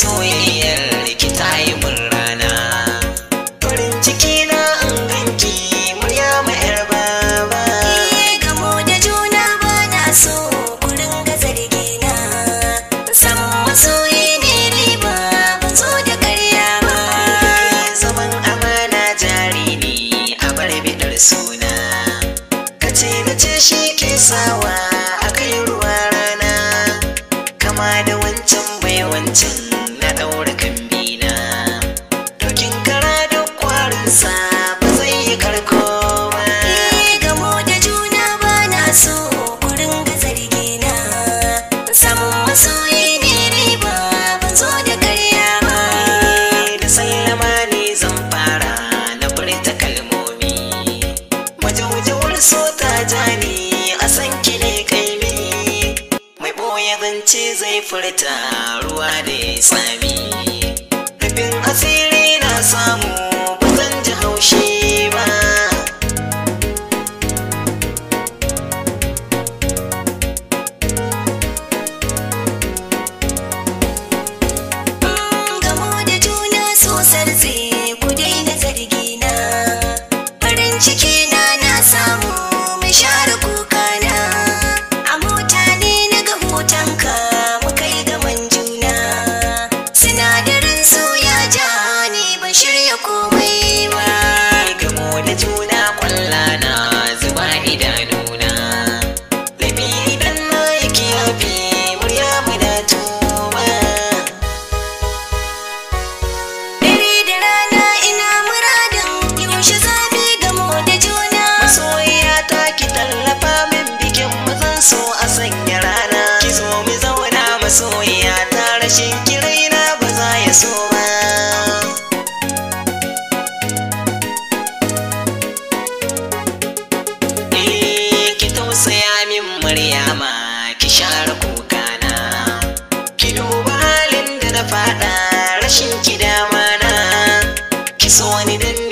soyayyar ki ta yi mun rana farin ciki na an murya ma yar baba gamo da juna ba na so kurin ga zargi na san masoyi ne ni ba ban zo da karya ba zaman amana jari ne a bar bidar suna kace na ce shi ke sawa zance zai furta ruwa da ya sami rufin asiri na samu iya komai ba gamo da juna kwallana zuba idanuna labi idan na yake yafi murya muna tuba dare da rana ina muradin yaushe zabi gamo da juna masoyiya ta ki tallafa min bikin mazan so a sanya rana ki zo mu zauna masoyiya ta rashin na ba za ya so need it.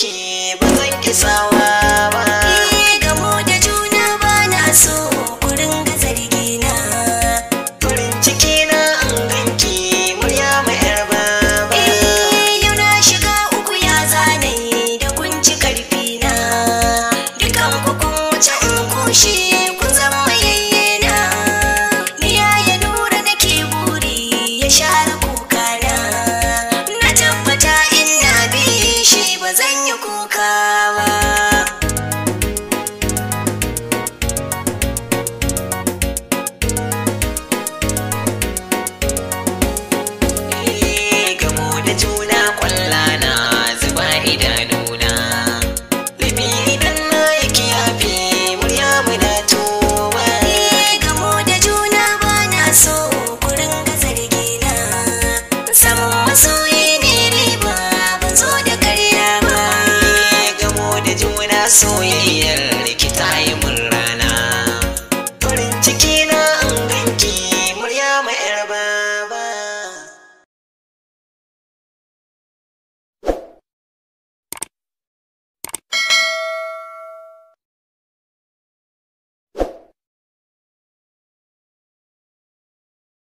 ki ba zan ki sawa kukawa masoyiyar